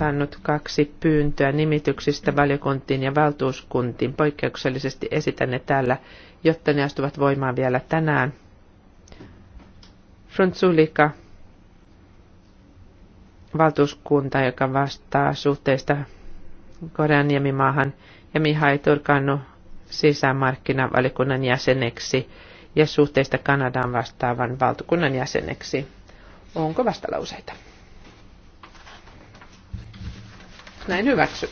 saanut kaksi pyyntöä nimityksistä valiokuntiin ja valtuuskuntiin. Poikkeuksellisesti esitän ne täällä, jotta ne astuvat voimaan vielä tänään. Frontsulika, valtuuskunta, joka vastaa suhteista Korean niemimaahan, ja Mihai Turkanu sisämarkkinavalikunnan jäseneksi ja suhteista Kanadaan vastaavan valtukunnan jäseneksi. Onko vastalauseita? Näin hyväksy.